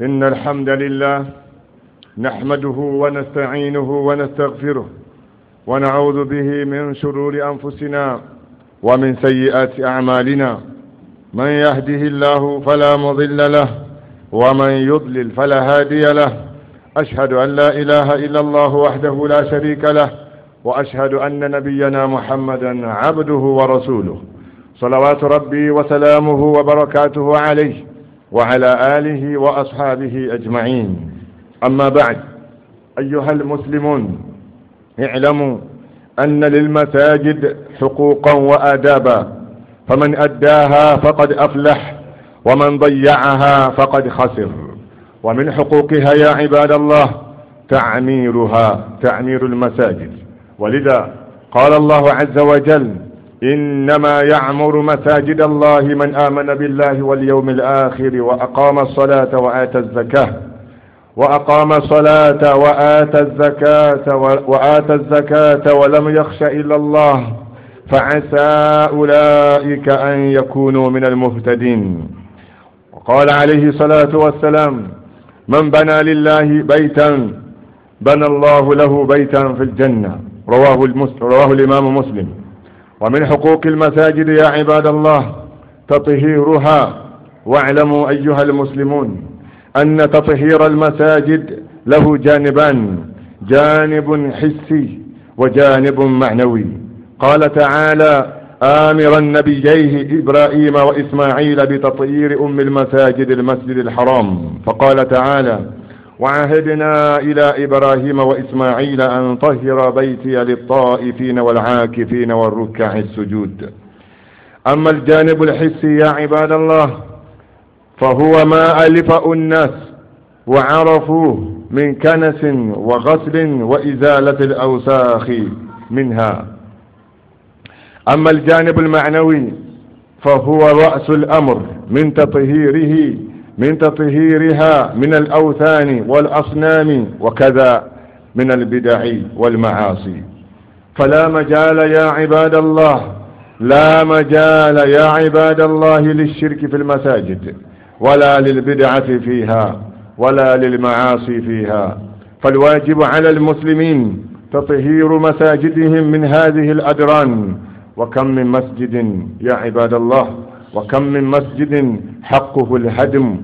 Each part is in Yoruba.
إن الحمد لله نحمده ونستعينه ونستغفره ونعوذ به من شرور أنفسنا ومن سيئات أعمالنا من يهده الله فلا مضل له ومن يضلل فلا هادي له أشهد أن لا إله إلا الله وحده لا شريك له وأشهد أن نبينا محمدا عبده ورسوله صلوات ربي وسلامه وبركاته عليه وعلى آله وأصحابه أجمعين أما بعد أيها المسلمون اعلموا أن للمساجد حقوقا وآدابا فمن أداها فقد أفلح ومن ضيعها فقد خسر ومن حقوقها يا عباد الله تعميرها تعمير المساجد ولذا قال الله عز وجل إنما يعمر مساجد الله من آمن بالله واليوم الآخر وأقام الصلاة وآتى الزكاة وأقام الصلاة وآتى الزكاة وآتى الزكاة ولم يخش إلا الله فعسى أولئك أن يكونوا من المهتدين وقال عليه الصلاة والسلام من بنى لله بيتا بنى الله له بيتا في الجنة رواه, رواه الإمام مسلم ومن حقوق المساجد يا عباد الله تطهيرها واعلموا أيها المسلمون أن تطهير المساجد له جانبان جانب حسي وجانب معنوي قال تعالى آمرا نبييه إبراهيم وإسماعيل بتطهير أم المساجد المسجد الحرام فقال تعالى وعهدنا إلى إبراهيم وإسماعيل أن طهر بيتي للطائفين والعاكفين والركع السجود أما الجانب الحسي يا عباد الله فهو ما ألفأ الناس وعرفوه من كنس وغسل وإزالة الأوساخ منها أما الجانب المعنوي فهو رأس الأمر من تطهيره من تطهيرها من الأوثان والأصنام وكذا من البدع والمعاصي فلا مجال يا عباد الله لا مجال يا عباد الله للشرك في المساجد ولا للبدعة فيها ولا للمعاصي فيها فالواجب على المسلمين تطهير مساجدهم من هذه الأدران وكم من مسجد يا عباد الله وكم من مسجد حقه الهدم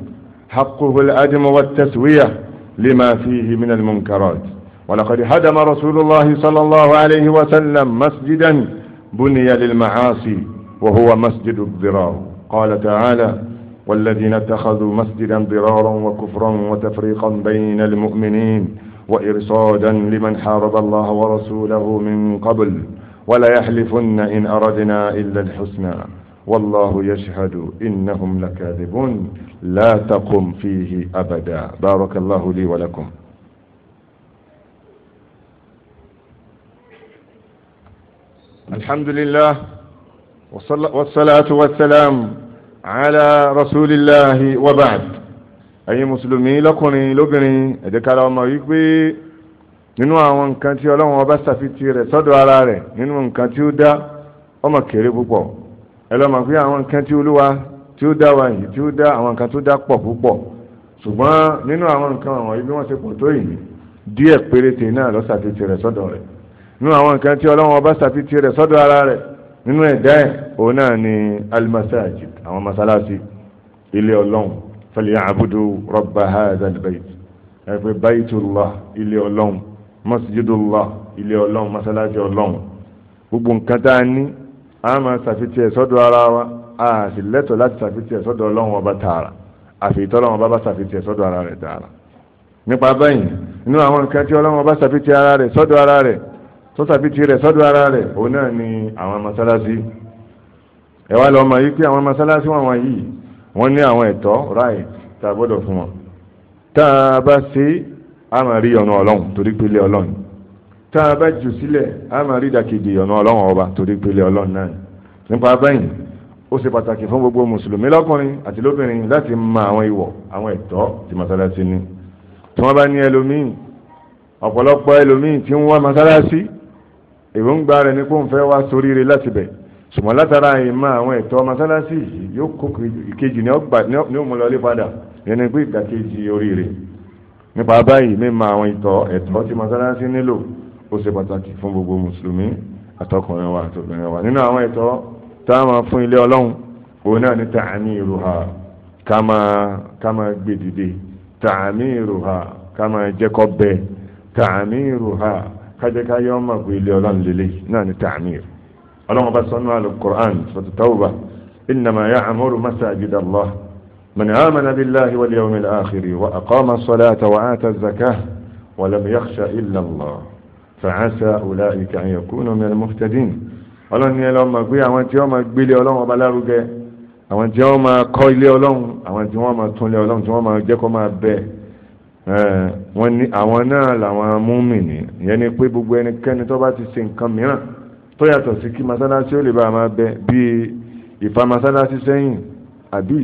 حقه الأدم والتسوية لما فيه من المنكرات ولقد هدم رسول الله صلى الله عليه وسلم مسجدا بني للمعاصي وهو مسجد الضرار قال تعالى والذين اتخذوا مسجدا ضرارا وكفرا وتفريقا بين المؤمنين وإرصادا لمن حارب الله ورسوله من قبل ولا يحلفن إن أردنا إلا الحسنى والله يشهد إنهم لكاذبون لا تقم فيه أبدا بارك الله لي ولكم الحمد لله والصلاة والسلام على رسول الله وبعد أي مسلمي لكني لبني أدكال ما يكبي nínú àwọn nǹkan tí ọlọ́run ọba ṣàfitì rẹ̀ sọ́dọ̀ ara rẹ̀ nínú nǹkan tí ó dá ọmọ kéré púpọ̀ ẹlọ́mọ̀ pé àwọn nǹkan tí olúwa tí ó dá wa yìí tí ó dá àwọn nǹkan tó dá pọ̀ púpọ̀ ṣùgbọ́n nínú àwọn nǹkan wọ̀nyí bí wọ́n ṣe pọ̀ tó yìí díẹ̀ péréte náà ló ṣàfihàn rẹ̀ sọ́dọ̀ rẹ̀ nínú àwọn nǹkan tí ọlọ́run ọba ṣàfihàn rẹ̀ sọ́dọ̀ ara rẹ̀ nínú ẹ̀dá ẹ̀ òun náà ni almasajid àwọn masalasi ilé ọlọ́run falyabudu rabba hadhal bayt ẹ pé a máa ṣàfitì sọ́dọ̀ ara wa a sì lẹ́tọ̀ọ́ láti ṣàfitì ẹ̀ sọ́dọ̀ ọlọ́run ọba tààrà àfi ìtọ́lọ́run ọba bá ṣàfitì ẹ̀ sọ́dọ̀ ara rẹ̀ tààrà nípa báyìí inú àwọn nǹkan tí ọlọ́run ọba ṣàfitì ara rẹ̀ sọ́dọ̀ ara rẹ̀ tó ṣàfitì rẹ̀ sọ́dọ̀ ara rẹ̀ òun náà ni àwọn masalasi. ẹ wá lọ́ọ́ mọ̀ yí pé àwọn mọ́sálásí wọn wọn yìí wọ́n ní àwọn ẹ̀tọ́ ráì tá a gbọ́dọ̀ fún wọn tá tá a bá jù sílẹ̀ a máa rí ìdàkejì ọ̀nà ọlọ́run ọba torí pélé ọlọ́run náà nípa báyìí ó ṣe pàtàkì fún gbogbo mùsùlùmí lọ́kùnrin àti lóbìnrin láti mọ àwọn ìwọ̀ àwọn ẹ̀tọ́ tí mọ́sálásí ní tí wọ́n bá ní ẹlòmíì ọ̀pọ̀lọpọ̀ ẹlòmíì tí ń wá mọ́sálásí èròǹgbà rẹ̀ ní kó ń fẹ́ wá soríire láti bẹ̀ ṣùgbọ́n látara ìmọ̀ àwọn ẹ̀tọ́ mọ́sálásí yóò kó ìkejì ní ó mú lọlé padà yẹn pé ìdàkejì oríire nípa báyìí mímọ̀ àwọn ìtọ́ ẹ̀tọ́ tí mọ́sálásí nílò ó ṣe pàtàkì fún gbogbo mùsùlùmí àtọkùnrin wa àtọkùnrin wa nínú àwọn ẹ̀tọ́ tá a máa fún ilé ọlọ́run òun náà ní tààmì ìrùhà ká máa ká máa gbé dìde tààmì ìrùhà ká máa jẹ́ kọ́ bẹ́ẹ̀ tààmì ìrùhà kájẹ́ ká yọ ọmọ pé ilé ọlọ́run lélẹ̀ náà ní tààmì ìrù ọlọ́run bá sọnù alukur'an sọtù tawba innama ya'muru masajid allah man amana billahi wal yawmil akhiri wa aqama as-salata wa ata az fàáṣà òlà ìkàyàn kúnnà mẹ́rin mọ́fítẹ́dín ọlọ́run ni ẹlọ́ máa gbé àwọn tí wọ́n máa gbélé ọlọ́run ọba lárugẹ àwọn tí wọ́n máa kọ́ ilé ọlọ́run àwọn tí wọ́n máa tún ilé ọlọ́run tí wọ́n máa jẹ́ kó máa bẹ wọ́n ní àwọn náà làwọn múmìnì ìyẹn ni pé gbogbo ẹnikẹ́ni tó bá ti ṣe nǹkan mìíràn tó yàtọ̀ sí kí masalasi ó lè bá a máa bẹ bíi ìfa masalasi sẹ́yìn àbí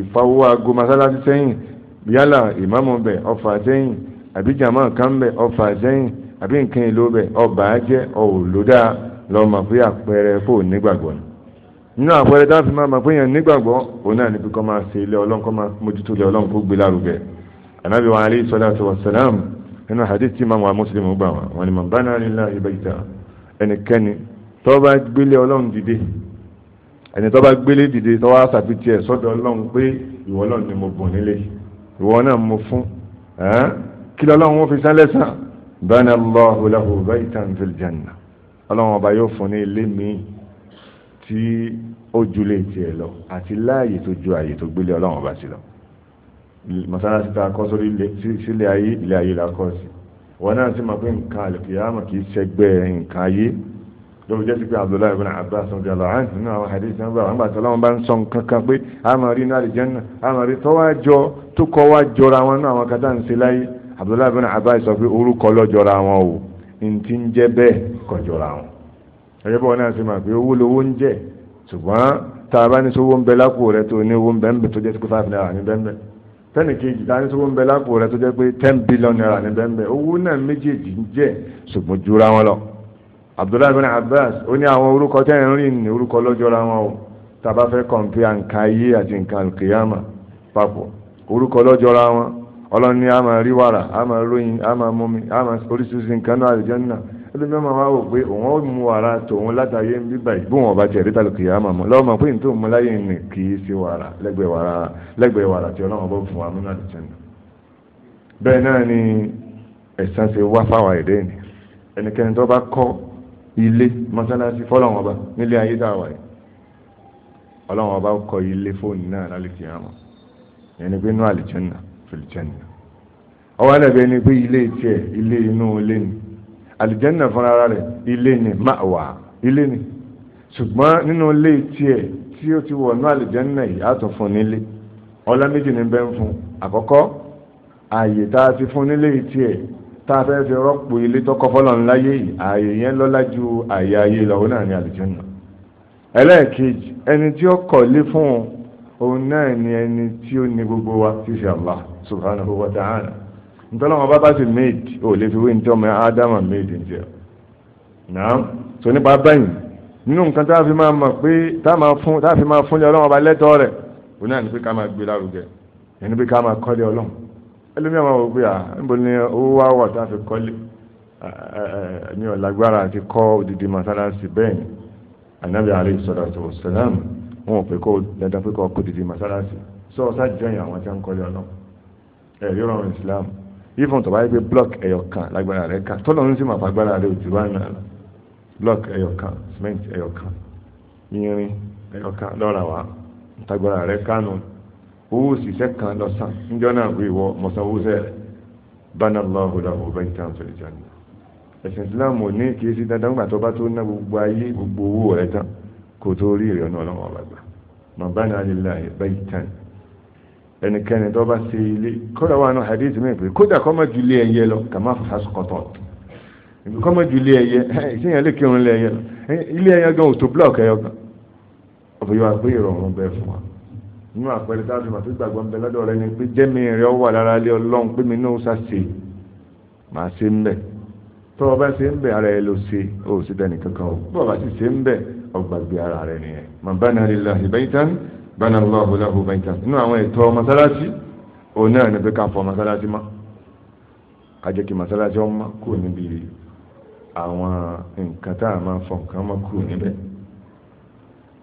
ìfa owó aago masalasi sẹ́yìn yálà ìmáàmù bẹ̀ ọfà sẹ́yìn àbí jàmọ́ kan bẹ̀ ọfà sẹ́yìn àbí nǹkan èlò bẹ̀ ọba jẹ́ ọ̀lódà lọ́mọ pé àpẹẹrẹ fò nígbàgbọ́ ni nínú àpẹẹrẹ tá a fi máa mọ̀ pé yẹn nígbàgbọ́ òun náà ní pé máa ṣe ilé ọlọ́run kọ́ máa mójútó ilé ọlọ́run kó gbé lárugẹ anabi wa aleyhi salatu wa salam nínú hadith tí màmú wa muslim gbà wá wọn ni màmú bánà nílá ìbáyìíta ẹnikẹ́ni tó bá gbélé ọlọ́run dìde ẹni tó bá gbélé dìde tó wá ẹ̀ sọ́dọ̀ ọlọ́run pé ìwọ ọlọ́run ni mo bùn nílé ìwọ náà mo fún ẹ́ẹ́ kí lọ́lọ́run ó fi san lẹ́san bana Allahu lahu baytan fil janna ọlọ́run ọba yóò fún ní ilé míì tí ó ju lé tiẹ̀ lọ àti láàyè tó ju àyè tó gbélé ọlọ́run ọba sí lọ mọ́sálásí tá a kọ́ sórí sílé ayé ilé ayé la kọ́ sí wọn náà sì máa pé nǹkan àlùkìyàmọ̀ kì í ṣẹgbẹ́ nǹkan ayé lóbi jẹ́ sí pé Abdullahi ibn Abbas ọ̀gá lọ àǹtí nínú àwọn hadith náà bá wọn gbà tó láwọn bá ń sọ nǹkan kan pé a wọn náà àwọn kátà ń abdullahi bin abbas sọ pé orúkọ lọ́jọ́ra wọn o ntí ń jẹ́ bẹ́ẹ̀ kọjọ́ra wọn. ẹ̀yẹ́ bọ́ náà ṣe máa pé owó lowó ń jẹ́ ṣùgbọ́n tá a bá ní sọ́wọ́ ń bẹ lápò rẹ tó ní owó ń bẹ ń bẹ tó jẹ́ sí five naira ní bẹ́ẹ̀ tẹ́nì kejì tá a ní sọ́wọ́ ń bẹ lápò rẹ tó jẹ́ pé ten billion naira ní bẹ́ẹ̀ owó náà méjèèjì ń jẹ́ ṣùgbọ́n jura wọn lọ. abdullahi bin abbas ó ní àwọn orúkọ tẹ́yìn rìn ní orúkọ lọ́jọ́ra wọn o tá a bá fẹ́ kọ̀ǹpì àǹkà ọlọ́ni a máa rí wàrà a máa róyin a máa mumi a máa oríṣiríṣi nǹkan náà àlùjánnà ẹlẹ́mi ọmọ wa wò pé òun ó mu wàrà tòun látàyè ń bíbà yìí bóun ọba tiẹ̀ rítà lókè yàrá mọ̀ lọ́wọ́ mọ̀ pé nítorí mu láyé ni kì í ṣe wàrà lẹ́gbẹ̀ẹ́ wàrà lẹ́gbẹ̀ẹ́ wàrà tí ọlọ́run bó fún wa nínú àlùjánnà bẹ́ẹ̀ náà ni ẹ̀san ṣe wá fáwọn ẹ̀dẹ́ ni ẹnikẹ́ni tó bá kọ́ ilé mọ́sálásí fìlìjẹ́nà ọwọ́ ẹlẹ́bẹ̀ẹ́ ni pé ilé tiẹ̀ ilé inú ilé ni àlìjẹ́nà fúnra rẹ̀ ilé ni máwà ilé ni ṣùgbọ́n nínú ilé tiẹ̀ tí ó ti wọ̀ ní àlìjẹ́nà yìí á tún fún nílé ọlá méjì ní bẹ́ẹ̀ fún àkọ́kọ́ ààyè tá a ti fún nílé tiẹ̀ tá a fẹ́ fi rọ́pò ilé tọkọ fọlọ́run láyé yìí ààyè yẹn lọ́lá ju ààyè ayé lọ́wọ́ náà ní àlìjẹ́nà ẹlẹ́ẹ̀kejì ẹni tí ó kọ̀ lé fún un òun náà ni ẹni tí ó ní gbogbo wa tí ṣe Allah subhanahu wa ta'ala nítorí àwọn bábá sì méèdì ò lè fi wé ní tí ọmọ ádámà méèdì ń jẹ náà tó nípa báyìí nínú nǹkan tá a fi máa mọ̀ pé tá a fi máa fúnlẹ̀ ọlọ́run ọba lẹ́tọ̀ọ́ rẹ̀ òun náà ni pé ká máa gbé lárugẹ ẹni pé ká máa kọ́lé ọlọ́run ẹlòmíràn máa wò pé à níbo ni owó wá wà tá a fi kọ́lé mi ò lágbára àti kọ́ òdìdí màsálásí bẹ́ẹ̀ ni Ànábì alayhi salatu wassalam wọn ò pé kó dandan pé kó kó dìde mọ́sálásí sọ ọ́ sájọyìn àwọn tí wọ́n ń kọ́lé ọlọ́ ẹ̀rí ọ̀rọ̀ Islam even tó bá yẹ pé block ẹyọ kan lágbára rẹ̀ kà tọ́lọ̀ ń sì máa fagbára rẹ̀ òjò wá náà block ẹyọ kan cement ẹyọ kan irin ẹyọ kan lọ́ra wa tagbára rẹ̀ kánú owó òṣìṣẹ́ kan lọ́sàn níjọ́ náà wí wọ mọ̀sánwóṣẹ́ rẹ̀ bánà lọ́hùn lọ́hùn ọ̀bẹ ní tàǹtọ̀ ìjànà ẹ̀sìn Islam ò ní kí é sí dandan gbà tó bá tó ná gbogbo ayé gbogbo owó rẹ̀ tán kò tó rí ìrẹ̀nà ọlọ́wọ́ ọ̀bàgbà mọ̀bánà alìlà baytan ẹnikẹ́ni tó bá ṣe ilé kódà wà nù hadith mi pé kódà kọ́ má ju ilé ẹyẹ lọ kà má fà sọ̀kọ̀tọ̀ kọ́ má ju ilé ẹyẹ ìṣèyàn lè kírun ilé ẹyẹ lọ ilé ẹyẹ gan òtò blọọkì ẹyọ gan ọ̀bọ̀ yóò wá pé ìrọ̀rùn bẹ́ẹ̀ fún wa nínú àpẹẹrẹ tá a fi màtí gbàgbọ́ nbẹ lọ́dọ̀ rẹ ni pé jẹ́mi rẹ ọ wà lára ilé ọlọ́run pé mi náà sá ṣe màá ṣe ń bẹ̀ tọ́ bá ṣe ń bẹ̀ ara ẹ ló ṣe ó sì dẹnìkankan ó bọ́ọ̀ bá sì ṣe ń bẹ̀ ọgbàgbé ara rẹ̀ nìyẹn man bana lillahi baytan bana Allahu lahu baytan inú àwọn ètò mọ́sálásí òun náà ní pé ká fọ mọ́sálásí mọ́ kájẹ́ kí mọ́sálásí wọn mọ́ kúrò níbi àwọn nǹkan tá a máa fọ nǹkan mọ́ kúrò níbẹ̀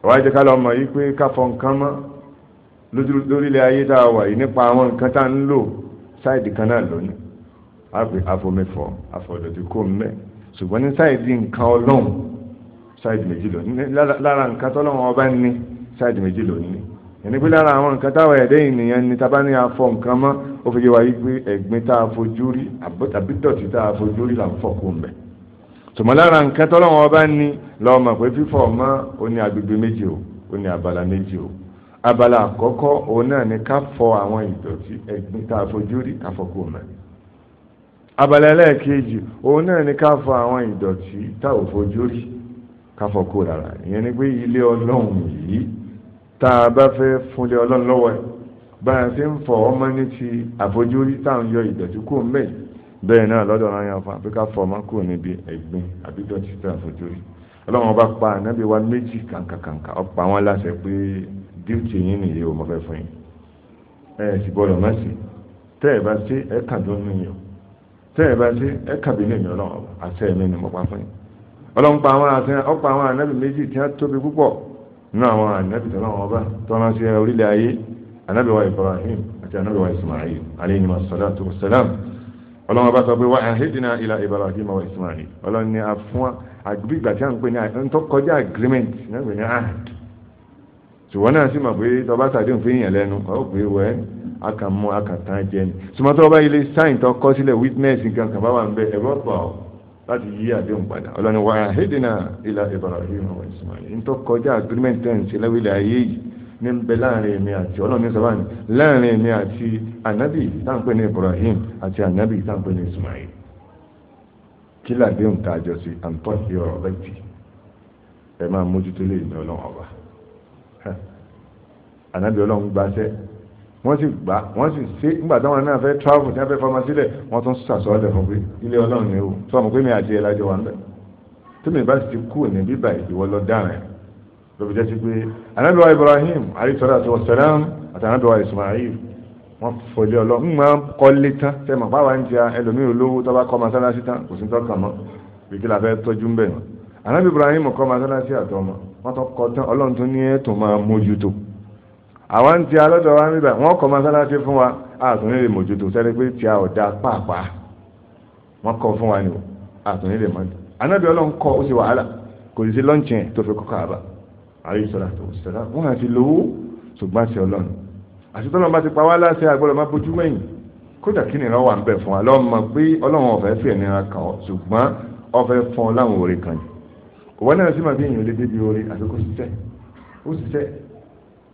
wáyé jẹ́ ká lọ mọ̀ yìí pé ká fọ nǹkan mọ́ lórílẹ̀ ayé tá a wà yìí nípa àwọn nǹkan tá a ń lò sáìdì kan náà lónìí àpè afọmẹfọ afọdọdẹ kò ń bẹ ṣùgbọ́n ní sáìdì nǹkan ọlọ́run ṣáìdì méjì lónìí lára nǹkan tọ́lọ́wọ́n ọba ní ṣáìdì méjì lónìí ẹni pé lára àwọn nǹkan táwọn ẹ̀dẹ́ ènìyàn ni tá bá ní afọ nǹkan mọ́ ó fi yé wa wípé ẹ̀gbin tá a fojú rí àbí dọ̀tí tá a fojú rí là ń fọ̀ kó ń bẹ̀ tùmọ̀ lára nǹkan tọ́lọ́wọ́n ọba ní lọ́mọ pé fífọ̀ mọ́ ó ní agbègbè méjì o ó ní abala méjì o abala àkọ́kọ́ òun náà ni ká fọ àwọn ìdọ̀tí ẹ̀gbin tá a fojú rí ká fọ̀ kó ń bẹ̀ abala ẹlẹ́ẹ̀kejì òun náà ni ká fọ àwọn ìdọ̀tí tá ò fojú rí káfọ́ kó lára ìyẹn ni pé ilé ọlọ́run yìí tá a bá fẹ́ fúnlé ọlọ́run lọ́wọ́ ẹ̀ bá a ṣe ń fọ ọmọ ní ti àfojúrí táwọn yọ ìdọ̀tí kò ń bẹ̀ bẹ́ẹ̀ náà lọ́dọ̀ ọ̀rọ̀ yẹn fún wa pé ká fọ ọmọ kúrò níbi ẹ̀gbin àbí dọ̀tí tá àfojúrí ọlọ́run ọba pa ànábì wa méjì kàǹkàǹkà ọ̀pọ̀ àwọn aláṣẹ pé díùtì yín nìyí o mo fẹ́ fún yín ẹ sì gbọ́dọ̀ má sí tẹ́ ẹ bá sí ẹ kàdúnú yín o tẹ́ ẹ bá sí ẹ kàbínú ìmọ̀ ọlọ́run àṣẹ mi ni mo pa fún yín ọlọ́npa àwọn àti ọ̀pọ̀ àwọn ànábì méjì tí wọ́n tóbi púpọ̀ nínú àwọn ànábì tó náà ọba tó rán sí orílẹ̀ ayé ànábì wa Ibrahim àti ànábì wa Ismail alayhi masalatu wasalam ọlọ́wọ́n bá sọ pé wà áhídìnà ilà Ibrahim wa Ismail ọlọ́run ni a fún wa àgbígbà tí a ń pè ní àtọ́kọjá agreement náà ní ahad ṣùgbọ́n náà sì mọ̀ pé tọba sàdéhùn fi yàn lẹ́nu ọ̀ pé wẹ́ akàmú akàtàn jẹ ni ṣùgbọ́n tọba ilé sáyìn tó kọ́ sílẹ̀ witness nǹkan kan bá wà ń bẹ ẹ̀rọ pa láti yí àdéhùn padà ọlọ́ni wa na ila Ibrahim wa Ismail ní tó kọjá agreement ten ṣe lẹ́wílẹ̀ ayé yìí ní bẹ láàrin èmi àti ọlọ́ni sọ́bà a láàrin èmi àti anabi táǹpẹ́ ní Ibrahim àti anabi táǹpẹ́ ní Ismail kí làdéhùn tá a sí àǹtọ́ ìrọ̀ ọ̀rẹ́ ẹ máa anabi ọlọ́run gbaṣẹ́ wọ́n sì gbà wọ́n sì ṣe nígbà táwọn náà fẹ́ travel tí wọ́n fẹ́ fama sílẹ̀ wọ́n tún sàsọ́ọ́lẹ̀ fún pé ilé ọlọ́run ni o tí wọ́n mọ̀ pé mi àti ẹ̀ lájọ wà ń bẹ̀ tó mi bá sì ti kú ní bíbà ìwọ lọ dáhùn lóbi jẹ́ sí pé Ànábì wa Ibrahim alayisalaam àti wasalam àti Ànábì wa Ismail wọ́n fọ ilé ọlọ́run máa ń kọ́lé tán tẹ́mọ̀ báwa ń jẹ ẹlòmíì olówó tó bá kọ́ masalasi tán kò sí tó kàn mọ́ gbèdé la fẹ́ tọ́jú bẹ́ẹ̀ Ànábì Ibrahim kọ́ masalasi àtọmọ wọ́n tó kọ́ tán ọlọ́run tó ní ẹ̀ tó máa mójútó àwa ń ti alọ́dọ̀ wa níbà wọ́n kọ́ masalasi fún wa àtúnlé lè mójútó sẹ́ni pé tí a ò da pàápàá wọ́n kọ́ fún wa ni o àtúnlé lè mọ́tò anábì ọlọ́run kọ́ ó sì wàhálà kò sì sí lọ́ǹtì yẹn tó fi kọ́ káàbà àyè sọ̀rọ̀ àti òṣìṣẹ́lá wọ́n àti lówó ṣùgbọ́n àti ọlọ́run àti tọ́lọ́run bá ti pa wá láṣẹ àgbọ̀dọ̀ má bójú mẹ́yìn kódà kí ni lọ́wọ́ à ń bẹ̀ fi ẹ̀nira kàn ọ́ ṣùgbọ́n ọ̀fẹ́ fún ọ láwọn òre kan yìí òwò náà sì máa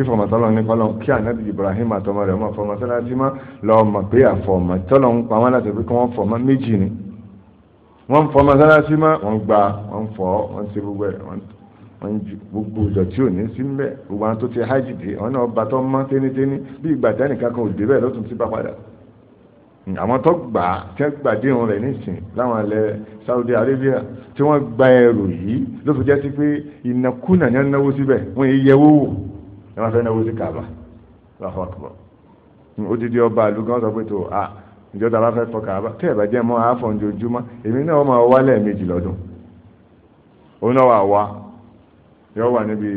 tí fọmọtọ́lọ́ ní kọ́lọ́ kí ànábì Ibrahim àtọmọ rẹ̀ ọmọ fọmọtọ́lọ́sí má lọ́ọ́ mọ̀ pé àfọmọtọ́lọ́ ń pa wọn láti pé kí wọ́n fọmọ méjì ni wọ́n fọmọtọ́lọ́sí má wọ́n gba wọ́n fọ wọ́n ti gbogbo ẹ̀ wọ́n ju gbogbo ìjọ tí ò ní sí mbẹ́ gbogbo àwọn tó ti hajj dé wọn náà bàtọ́ mọ́ téníténí bí ìgbà tẹ́nì kankan ò dé bẹ́ẹ̀ lọ́tún ti bá padà àwọn tó gbà á tẹ́ gbà déhùn rẹ̀ nísìn láwọn alẹ́ Saudi Arabia tí wọ́n gba ẹrù yìí ló fi jẹ́ sí pé ìnákúnà ní wọ́n náwó síbẹ̀ wọ́n yẹ wó ẹ máa fẹ́ náwó sí kàbà lọ́fọ́ àkùbọ̀ odidi ọba àlùkàn sọ pé tó a ìjọba bá fẹ́ fọ kàbà tẹ́ ẹ̀ bá jẹ́ mọ́ àáfọ̀ ojoojúmọ́ èmi náà máa wá lẹ́ẹ̀mejì lọ́dún òun náà wà wá yóò wà níbi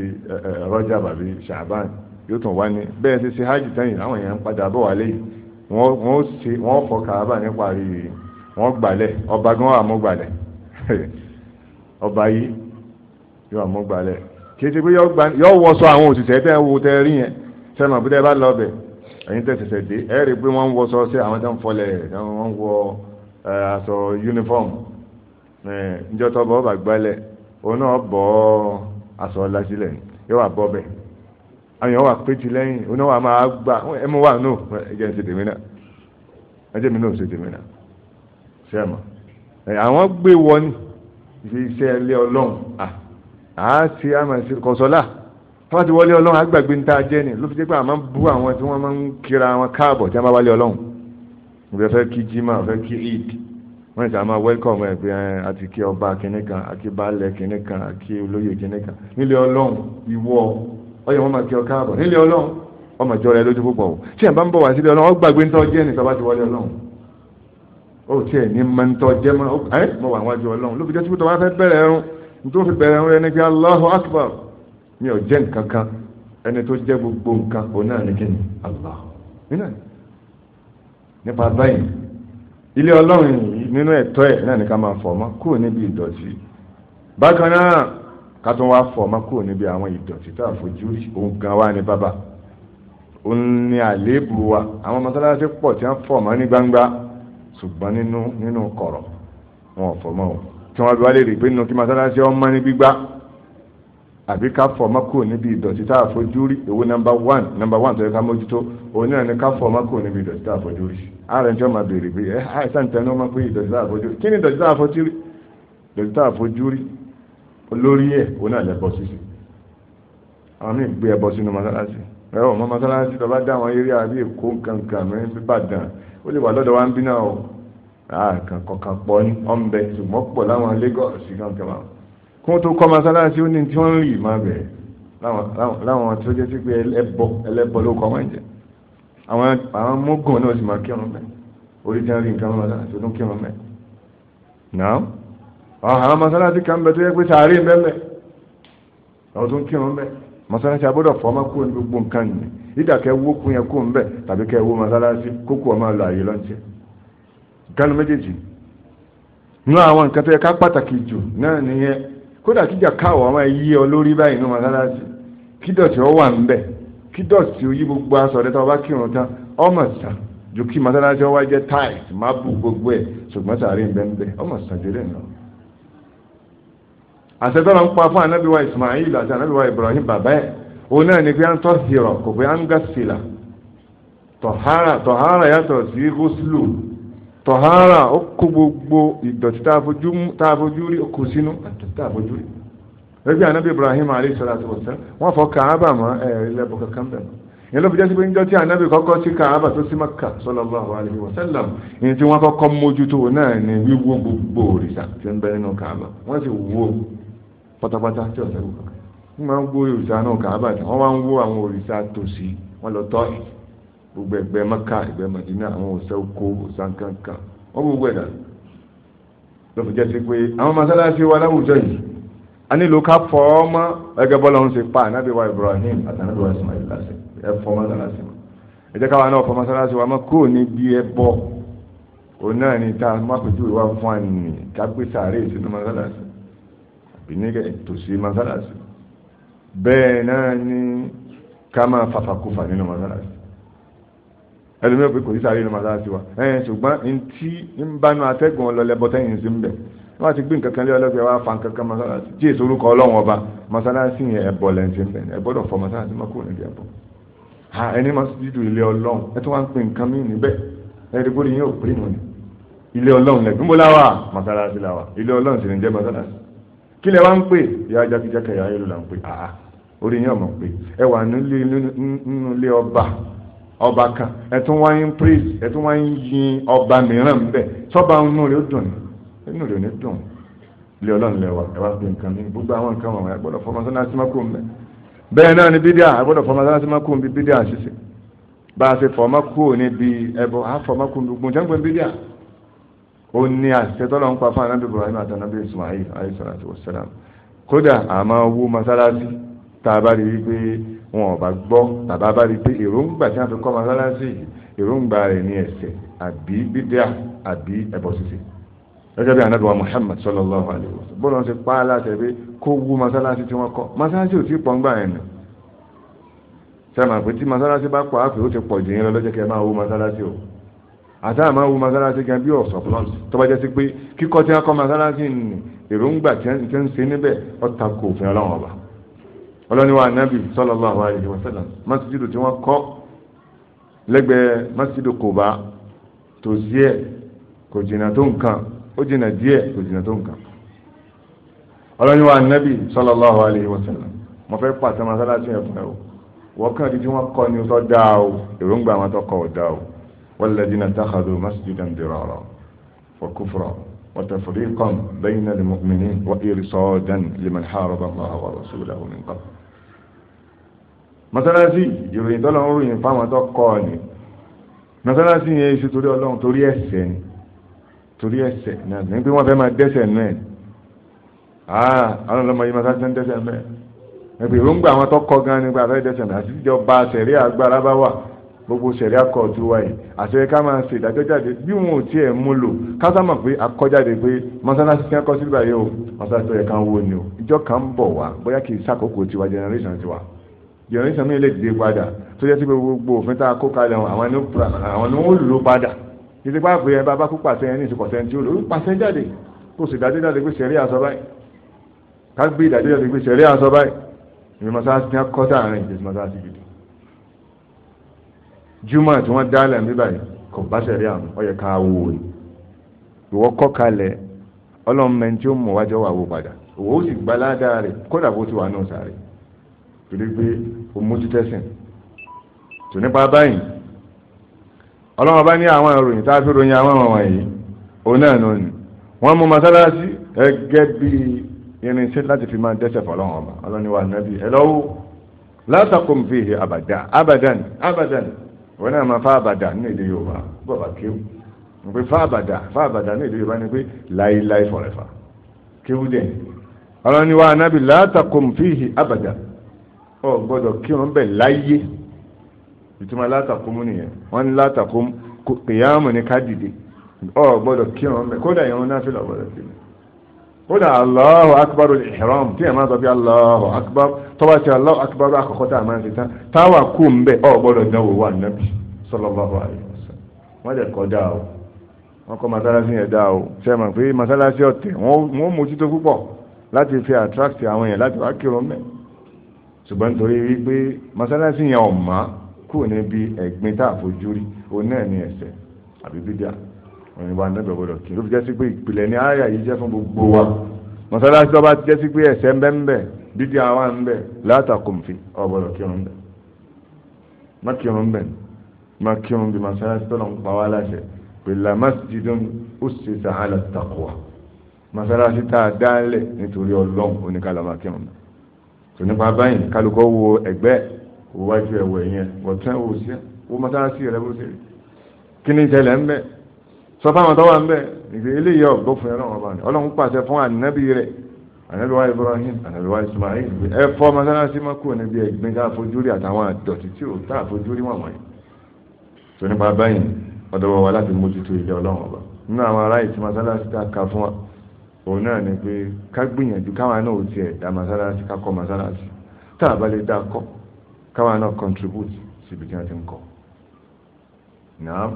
rọ́jà bàbí ṣàbán yóò tún wá ní bẹ́ẹ̀ ṣe ṣe hajj tẹ́yìn àwọn èèyàn ń padà bọ̀ wálé wọ́n fọ kàbà nípa rí wọ́n gbalẹ̀ ọba gan wà mú gbalẹ̀ ọba yìí yóò mú gbalẹ̀ kì í ṣe pé yọ wọṣọ àwọn òṣìṣẹ́ tẹ́ wo tẹ́ rí yẹn sẹ́mọ̀ bí tẹ́ bá lọ bẹ̀ ẹ̀yin tẹ́ ṣẹ̀ṣẹ̀ dé ẹ̀ rí i pé wọ́n ń sí àwọn tó ń fọlẹ̀ wọ́n ń wọ aṣọ uniform ǹjọ́ tó bọ́ bá gbálẹ̀ òun náà bọ́ aṣọ lásìlẹ̀ yóò wà bọ́ bẹ̀ àwọn yóò wà péjì lẹ́yìn òun náà wà máa gbà ẹ mú wà nù ẹ jẹ́ ń ṣe tèmi náà ẹ mi náà ṣe tèmi náà sẹ́mọ̀ àwọn gbé wọ ní iṣẹ́ ilé ọlọ́run àásì àmàṣe kọ̀sọ́lá wọ́n ti wọlé ọlọ́run àgbàgbé níta jẹ́ ni ló fi jẹ́ pé àmọ́ bú àwọn tí wọ́n máa ń kíra wọn káàbọ̀ tí wọ́n bá wálé ọlọ́run ìbẹ̀ fẹ́ kí jimá fẹ́ kí eid wọ́n ti àmọ́ welcome ẹ̀ pé àti kí ọba kìnní kan àti baálẹ̀ kìnní kan àti olóyè kìnní kan nílé ọlọ́run ìwọ ọyẹ wọn máa kí ọ káàbọ̀ nílé ọlọ́run ọmọ ìjọ rẹ lójú púpọ̀ o tí ẹ̀ bá ń bọ̀ wá sílé ọlọ́run ó gbàgbé níta jẹ́ ni tọ́ba ti wọlé ọlọ́run ó tiẹ̀ ní mọ́ntọ́ jẹ́ mọ́ ẹ́ mọ́ wà wájú ọlọ́run ló fi jẹ́ síbi tó wá fẹ́ bẹ̀rẹ̀ ẹ̀rùn nítorí fi bẹ̀rẹ̀ àwọn ẹni pé Allahu Akbar mi ò jẹ́ nǹkan kan ẹni tó jẹ́ gbogbo nǹkan òun náà ní kíni Allah nínú ẹ̀ nípa báyìí ilé ọlọ́run nínú ẹ̀tọ́ ẹ̀ náà ní ká máa fọ̀ mọ́ kúrò níbi ìdọ̀tí bákan náà ká tún wá fọ̀ mọ́ kúrò níbi àwọn ìdọ̀tí tá a fojú rí òun gan wá ní bábà òun ní àléébù wa àwọn mọ́sálásí pọ̀ tí wọ́n fọ̀ ní gbangba ṣùgbọ́n nínú nínú kọ̀rọ̀ wọn ò fọ̀ mọ́ tí wọ́n bí wá lè rí pé nínú kí masalasi ọmọ ní gbígbá àbí ká fọ̀ ọmọ kúrò níbi ìdọ̀tí tá a fojú rí èwo nọmba one nọmba one tó yẹ ká mójútó òun náà ni ká fọ̀ ọmọ kúrò níbi ìdọ̀tí tá a fojú rí ààrẹ ń tí wọ́n máa béèrè pé ẹ àìsàn tẹnu ọmọ pé ìdọ̀tí tá a fojú rí kí ni ìdọ̀tí tá a fojú rí ìdọ̀tí tá a fojú rí olórí ẹ̀ òun náà lẹ́bọ̀ sísè àwọn míì gbé ẹbọ sínú masalasi ẹ ọmọ masalasi tó bá dá àwọn eré àbí èkó kankan mẹ́rin bíbàdàn ó lè wà lọ́dọ̀ wa ń bí náà àkàn kọ̀ọ̀kan pọ̀ ní ọ̀nbẹ ṣùgbọ́n pọ̀ láwọn Lagos kankan wọn kí wọ́n tó kọ́ masalasi ó ní tí wọ́n ń rì máa bẹ̀ láwọn tó jẹ́ sí pé ẹlẹ́bọ ẹlẹ́bọ ló kọ́ wọ́n jẹ àwọn àwọn náà sì máa orí tí wọ́n rí nǹkan masalasi ó náà àwọn masalasi kan bẹ tó yẹ pé sàárè ń bẹ́ẹ̀ àwọn tó ń kírun bẹ́ẹ̀ masalasi abọ́dọ̀ kúrò ní gbogbo nǹkan kánú méjèèjì nú àwọn nǹkan tó yẹ ká pàtàkì jù náà nìyẹn kódà kíjà káwọ àwọn ẹyí ọ lórí báyìí nínú mọ́sálásí kí dọ̀tí ọ wà kí dọ̀tí gbogbo aṣọ rẹ tó ọba kírun tán ọmọ sàn ju kí mọ́sálásí ọ wá jẹ́ má bù gbogbo ẹ Ibrahim bàbá ẹ̀ òun náà ni pé kò pé tọ̀hárà ó kó gbogbo ìdọ̀tí tá a fojú rí kò sínú tá a fojú rí lẹ́gbẹ̀ẹ́ anábì Ibrahim alayhi salatu wa sallam wọ́n fọ kàábà mọ́ ẹ̀rí lẹ́bọ̀ kankan bẹ̀rẹ̀ yẹn ló fi jẹ́ sí pé níjọ́ tí anábì kọ́kọ́ sí kàábà tó sí Makka sallallahu alayhi wa sallam yẹn tí wọ́n kọ́kọ́ mójútó náà ni wíwó gbogbo òrìṣà tí ń bẹ nínú kàábà wọ́n sì wó pátápátá tí ọ̀sẹ̀ wò kankan wọ́n máa ń wó òrìṣà náà kàábà gbogbo ẹgbẹ́ maka ẹgbẹ́ madina àwọn òsè oko òsàn kankan wọ́n gbogbo ẹ̀dá ló fi jẹ́ pé àwọn masalasi wa láwùjọ yìí a nílò ká fọ́ ọ mọ́ ẹgẹ́ bọ́lá ń ṣe pa ànábì wa ibrahim àtànábì wa ismail lásì ẹ fọ́ masalasi mọ́ ẹ jẹ́ káwa náà fọ́ masalasi wa mọ́ kúrò níbi ẹ bọ́ òun náà ni tá a má pèjú ìwà fún àní ká gbé sàárè sínú masalasi àbí ní tòsí masalasi bẹ́ẹ̀ náà ni ká máa fàfàkùfà nínú masalasi ẹlòmíràn pé kò sí sáré ní màsálásí wa ẹ ṣùgbọ́n ntí ń bá nu atẹ́gùn ọlọ́lẹ́bọ tẹ́yìn sí ń bẹ̀ wọ́n ti gbé nǹkan kan lé ọlọ́gbẹ́ wa fa nǹkan kan màsálásí tí èso orúkọ ọlọ́run ọba màsálásí yẹn ẹ̀bọ lẹ́yìn sí ń bẹ̀ ẹ gbọ́dọ̀ fọ màsálásí má kúrò níbi ẹ̀bọ ha ẹni máa ti dùn ilé ọlọ́run ẹ tún wá ń pè nǹkan mí níbẹ̀ ẹ rí bóri yín ò pé nù ni ilé ọlọ́run lẹ̀ gbúnbó láwà màsálásí láwà ilé ọlọ́run sì ní ọba kan ẹtún wá ń praise ẹtún wá ń yin ọba mìíràn bẹ sọba inú rẹ ó dùn inú rẹ ò ní dùn ilé ọlọ́run lẹ́wà ẹ wá gbé nǹkan ní gbogbo àwọn nǹkan wọ̀nyí agbọ́dọ̀ fọmọ sọ́nàtì má kó ń bẹ bẹ́ẹ̀ náà ni bídíà agbọ́dọ̀ fọmọ sọ́nàtì má kó ń bí bídíà ṣíṣe bá a ṣe fọmọ kó níbi ẹbọ á fọmọ kó gbogbo jẹ́ ń pẹ́ bídíà ó ní àṣìṣe tọ́lọ̀ ń pa fún anábì Ibrahim àtànábì Ismail alayhi tá a bá rí i pé wọn ò bá gbọ́ tàbá bá rí i pé èròǹgbà tí wọ́n fi kọ́ mọ́sálásí yìí èròǹgbà rẹ̀ ní ẹ̀ṣẹ̀ àbí bídíà àbí ẹbọ ṣíṣe gẹ́gẹ́ bí ànábì wa Muhammad sallallahu alayhi wa sallam bọ́lá ń ṣe pa á láti ẹ̀bí kó wú mọ́sálásí tí wọ́n kọ́ mọ́sálásí ò tí pọ̀ ń gbà yẹn nù sẹ́mi àpè tí mọ́sálásí bá pọ̀ àpè ó ti pọ̀ jù lọ́jọ́ kẹ́ máa wú mọ́sálásí o àtàwọn máa wú mọ́sálásí ọlọ́ni wa anabi sallallahu alaihi wasallam masjidu tí wọ́n kọ́ lẹ́gbẹ̀ẹ́ masjidu Quba tó sí ẹ̀ kò jìnnà tó nǹkan ó jìnnà díẹ̀ kò jìnnà tó nǹkan ọlọ́ni wa anabi sallallahu alaihi wasallam mo fẹ́ pàṣẹ masalasi ẹ̀ fún ẹ o wọ́n kàn di tí wọ́n kọ́ ni tó dáa o èròǹgbà àwọn tó kọ́ ò dáa o walladhina takhadu masjidan dirara wa kufra وتفريقا بين المؤمنين وإرصادا لمن حارب الله ورسوله من قبل mọ́sálásí ìròyìn tọ́lọ́ ń ròyìn fáwọn tó kọ́ ọ ni mọ́sálásí yẹn ṣe torí ọlọ́run torí ẹ̀ṣẹ̀ ni torí ẹ̀ṣẹ̀ náà ní pé wọ́n fẹ́ máa dẹ́ṣẹ̀ náà àà àwọn ọlọ́mọ yìí mọ́sálásí ń dẹ́ṣẹ̀ mẹ́ ẹ̀pẹ̀ ìròǹgbà àwọn tó kọ́ gan nípa afẹ́ dẹ́ṣẹ̀ náà àti ìjọba sẹ̀rí agbára bá wà gbogbo sẹ̀rí akọ̀ọ̀tù wa yìí àṣẹ ká máa ṣe ìdájọ́ jáde bí wọn ò tiẹ̀ mú lò ká sámà pé akọ́jáde pé mọ́sálásí kí wọ́n kọ́ síbà yìí o mọ́sálásí tó yẹ ká wó ni o ìjọ kan ń bọ̀ wá bóyá kì í sàkókò tiwa generation tiwa generation mi lè dìde padà tó jẹ́ sí pé gbogbo òfin tá a kó kalẹ̀ àwọn ni wọ́n lò padà títí pa pé ẹ bá bá kú pàṣẹ yẹn ní ìsìnkọ̀ sẹ́ńtì ó lò ó pàṣẹ jáde kó sì dájú jáde pé sẹ̀rí àsọ báyìí ká gbé ìdájọ́ jáde pé sẹ̀rí àsọ báyìí ìmọ̀ mọ́sáàsì ní akọ́tà àárín ìjẹ́sí mọ́sáàsì gidi júmọ̀ tí wọ́n dálẹ̀ ń bíbáyìí kò bá sẹ̀rí àmọ́ ọ yẹ ká wò ó ìwọ kọ́ kalẹ̀ ọlọ́mọ ẹni tí ó mọ̀ wájọ́ wà wò padà òwò ó sì gbalá dáa rẹ̀ kódà bó ti wà náà sáré torí pé o mójú tẹ́sìn tò nípa báyìí ọlọ́wọ́n bá ní àwọn ìròyìn tá a fi ròyìn àwọn ọmọ wọ̀nyí òun náà nù ní wọ́n mú masalasi ẹgẹ́ bí irinṣẹ́ láti fi máa dẹ́sẹ̀ fọlọ́wọ́n ọba ọlọ́niwa nàbí ẹ lọ́wọ́ látàkùn fìhì àbàdà abadan abadan wọn náà máa fa àbàdà ní èdè Yorùbá bọ́ọ̀bà kéwù pé fa àbàdà fa àbàdà ní èdè Yorùbá ni pé láíláí forever kéwù dẹ̀ ọlọ́niwa nàbí látàkùn fìhì àbàdà ọ gbọ́dọ̀ kírun bẹ̀ láyé ìtumọ̀ látàkùnmù nìyẹn wọ́n ní látàkùnmù kìyàmù ní ká dìde ọ gbọ́dọ̀ kírun bẹ̀ kódà ìrun náà fìlà gbọ́dọ̀ sílẹ̀ kódà Allahu akbar al-ihram tí ẹ̀ máa sọ bí Allahu akbar tọ́wá ti Allahu akbar àkọ́kọ́ tá a máa ń ṣetán táwa kú ń bẹ̀ ọ gbọ́dọ̀ dánwò wà nábì sallallahu alaihi wasallam wọ́n dẹ̀ kọ́ dáa o wọ́n kọ́ masalasi yẹn dáa o ṣe é mọ̀ pé masalasi ọ̀tẹ̀ wọ́n mójútó púpọ̀ láti fi attract àwọn yẹn láti wá kírun bẹ́ẹ̀ ṣùgbọ́n nítorí wípé mọ́sálásí yẹn ọ̀mọ́ kúrò níbi ẹ̀gbin tá àfojú rí òun náà ní ẹ̀ṣẹ̀ àbí bídà òun ni wà níbẹ̀ gbọdọ̀ kí ló fi jẹ́ sí pé ìpìlẹ̀ ní àyà yìí jẹ́ fún gbogbo wa mọ́sálásí tó bá jẹ́ sí pé ẹ̀ṣẹ̀ ń bẹ ń bẹ bídà wà ń bẹ látàkùnfin ọ̀gbọ̀dọ̀ kírun bẹ̀ má kírun bẹ̀ má kírun bí mọ́sálásí tó lọ pa wá láṣẹ pé làmásìdún tó nípa báyìí kálukọ́ wo ẹ̀gbẹ́ wo wájú ẹ̀wọ̀ yẹn wọ̀tún ẹ̀wọ̀ sí wo mọ́tàlásí rẹ̀ bó ṣe rí kí ni ìṣẹ̀lẹ̀ ń bẹ̀ sọ fáwọn tó wà ń bẹ̀ ìgbé eléyìí ọ̀gbọ́ fún ẹ̀rọ ọba ni ọlọ́run pàṣẹ fún ànábì rẹ̀ ànábì wa Ibrahim ànábì wa Ismail ẹ fọ́ mọ́tàlásí mọ́ kúrò níbi ẹ̀gbin tá àfojúrí àtàwọn àdọ̀tí tí ò tá àfojúrí wọ̀n wọ̀nyí tó nípa báyìí ọ̀dọ̀ wa láti mójútó ilé ọlọ́run ọba nínú àwọn ará ìtì mọ́tàlásí tá a kà fún wa òun náà ni pé ká gbìyànjú káwọn náà ò tiẹ̀ dá masalasi ká kọ́ masalasi tá a bá lè dá kọ́ káwọn náà contribute síbi tí wọ́n ti ń kọ́ náà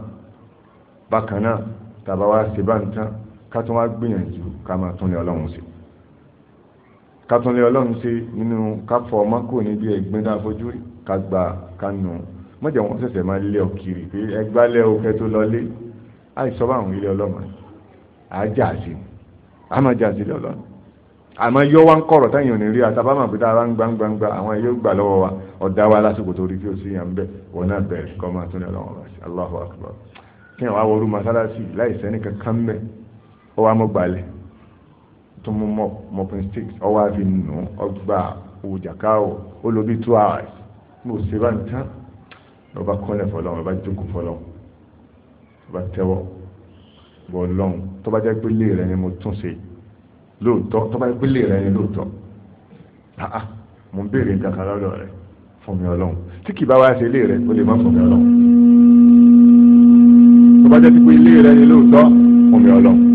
bákan náà tàbá wá ṣe bá ń tán ká tún wá gbìyànjú ká máa tún lé ọlọ́run sí ká tún lé ọlọ́run sí nínú ká fọ ọmọ kò ní bí ẹgbẹ́ náà fojú ká gba ká nù mọ́jà wọn ṣẹ̀ṣẹ̀ máa lé ọ kiri pé ẹgbálẹ̀ òkè tó lọ lé àìsọ́ bá àwọn ilé ọlọ́run àájà sí a máa jà sílẹ̀ ọlọ́run àmọ́ yọ wá ń kọ̀rọ̀ táyìn ò ní rí àtàbá máa pété ara ń gbangbangba àwọn yóò gbà lọ́wọ́ wa ọ̀dá wa lásìkò tó rí kí o sí yàn bẹ́ẹ̀ wọn náà bẹ̀rẹ̀ kọ́ máa tún ní ọlọ́run wa sí Allahu Akbar kí àwọn awọ́rú masalasi láì sẹ́ni kankan mẹ́ ọ wa mọ́ gbalẹ̀ tó mú mọ́ mopping sticks ọ wa fi nù ọgbà òjàkáwò ó lo bí two hours mo ṣe bá ń ọba kọ́lẹ̀ fọlọ́run ọba jókòó fọlọ́run ọba tẹ́wọ́ wọ lọ́hùn tó bá jẹ́ pé lè rẹ ni mo tún ṣe lóòótọ́ tó bá jẹ́ pé lè rẹ ni lóòótọ́ àá mo ń béèrè nǹkan kan lọ́dọ̀ rẹ fún mi ọlọ́hùn tí kì bá wá ṣe lè rẹ o lè má fún mi ọlọ́hùn tó bá pé lè rẹ ni lóòótọ́ fún mi ọlọ́hùn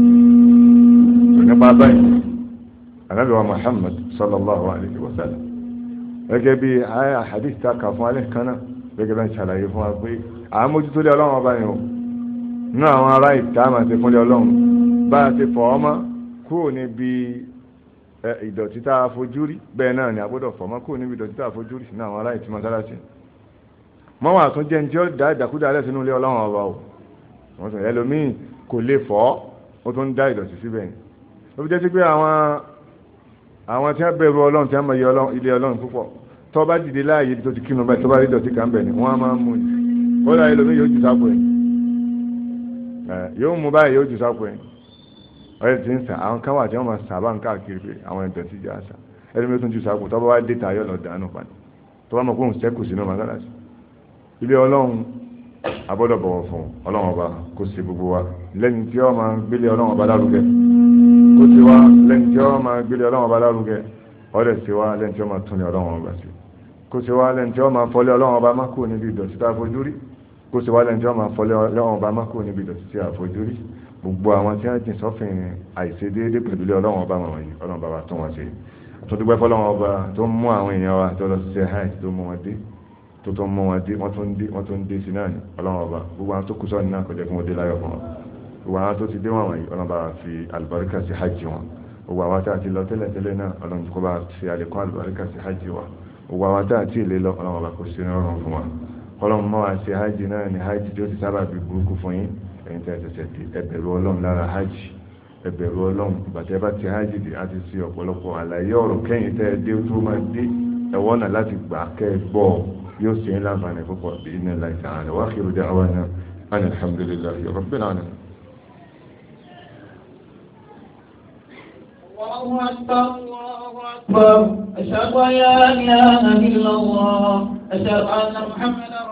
nípa báyìí ànábì wa Muhammad sallallahu alayhi wa sallam gẹ́gẹ́ bí àyà hadith ta kà fún alẹ́ kan náà gẹ́gẹ́ bá ń ṣàlàyé fún wa pé àmójútó lé ọlọ́run ọba yẹn o nínú àwọn ará ìta máa ṣe fúnlẹ̀ ọlọ́run bá a ṣe fọ̀ ọmọ kúrò níbi ìdọ̀tí tá a fojú rí bẹ́ẹ̀ náà ni a gbọ́dọ̀ fọ̀ ọmọ kúrò níbi ìdọ̀tí tá a fojú rí sínú àwọn ará ìtì mọ́sálásí mọ́ wà tún jẹ́ ní tí ó dá ìdàkúdà alẹ́ sínú ilé ọlọ́run ọba o wọ́n sọ ẹlòmíì kò lè fọ̀ ó tún dá ìdọ̀tí síbẹ̀ ni ó fi jẹ́ sí pé àwọn àwọn tí wọ́n bẹ̀rù ọlọ́run tí wọ́n mọ ilé ọlọ́run púpọ̀ tó bá dìde láàyè tó ti kírun báyìí tó bá rí ìdọ̀tí kan bẹ̀ ni wọ́n á máa mú un kó láyé lómi yóò jù sápò yìí yóò mú báyìí yóò jù sápò ẹ̀ ọ̀rẹ́ ti ń sàn àwọn kan wà tí wọ́n máa sàn bá ń káàkiri pé àwọn ẹ̀dọ̀ ti jà sàn ẹni mi tún jù sápò tọ́ bá wá dé tayọ̀ lọ dànù padà tọ́ bá mọ̀ pé òun sẹ́kù sínú màgàlásì ilé ọlọ́run abọ́dọ̀ bọ̀wọ̀ fún ọlọ́run ọba kó ṣe gbogbo wa lẹ́yìn tí wọ́n máa gbélé ọlọ́run ọba lárugẹ kó ṣe wá lẹ́yìn tí wọ́n máa gbélé ọlọ́run ọba lárugẹ ọ̀rẹ́ ṣe wá lẹ́yìn tí wọ́n máa tún ní ọlọ́run ọba sí kó ṣe wá lẹ́yìn tí wọ́n máa fọlé ọlọ́run ọba má kúrò níbi ìdọ̀tí tá a fojú rí kó sì wálẹ̀ tí wọ́n máa fọ́ lọ́wọ́n ọba má kúrò níbi ìdọ̀tí tí a fojúrí gbogbo àwọn tí wọ́n jìn sọ́fìn àìṣedéédé pẹ̀lú ilé ọlọ́wọ́n ọba wọn yìí ọlọ́wọ́n bàbá tó wọn ṣe tó dúpẹ́ fọlọ́wọ́n ọba tó mú àwọn èèyàn wa tó lọ sí ṣe hajj tó mú wọn dé tó tó mú wọn dé wọ́n tó ń dé wọ́n tó ń dé sí náà ni ọlọ́wọ́n ọba gbogbo àwọn tó kù sọ́ọ̀nì náà kọjá kí wọ́n dé láyọ̀ fún wọn gbogbo àwọn tó ti dé wọn wọ̀nyí ọlọ́wọ́n bàbá fi àlùbáríkà sí hajj wọn gbogbo àwọn tá a ti lọ tẹ́lẹ̀ tẹ́lẹ̀ náà ọlọ́wọ́n kó bá fi àlékún àlùbáríkà sí hajj wa gbogbo àwọn tá a ti lè lọ ọlọ́wọ́n bàbá kó sí ní ọrùn fún wa kọ́lọ́mù mọ́ wá ṣe hajj náà ni hajj tó ti sábà fi burúkú fún yín ẹ̀yin tẹ́ ṣẹ̀ṣẹ̀ di ẹ bẹ̀rù ọlọ́run lára hajj ẹ bẹ̀rù ọlọ́run ìbàtẹ́ bá ti hajj di á ti ṣe ọ̀pọ̀lọpọ̀ àlàyé ọ̀rọ̀ kẹ́yìn tẹ́ ẹ dé tó máa dé ẹ̀wọ́n náà láti gbà kẹ́ ẹ gbọ́ yóò ṣe ń láǹfààní púpọ̀ bí iná láì sàn án wá kí dé àwọn náà ánà alhamdulillah yọrọ bẹ́ẹ̀ náà. أشهد أن لا إله إلا الله أشهد أن محمدا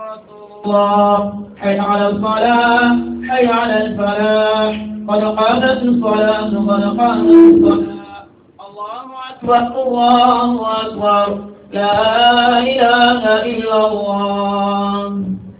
الله حي على الصلاة حي على الفلاح قد قامت الصلاة قد قامت الصلاة الله أكبر الله أكبر لا إله إلا الله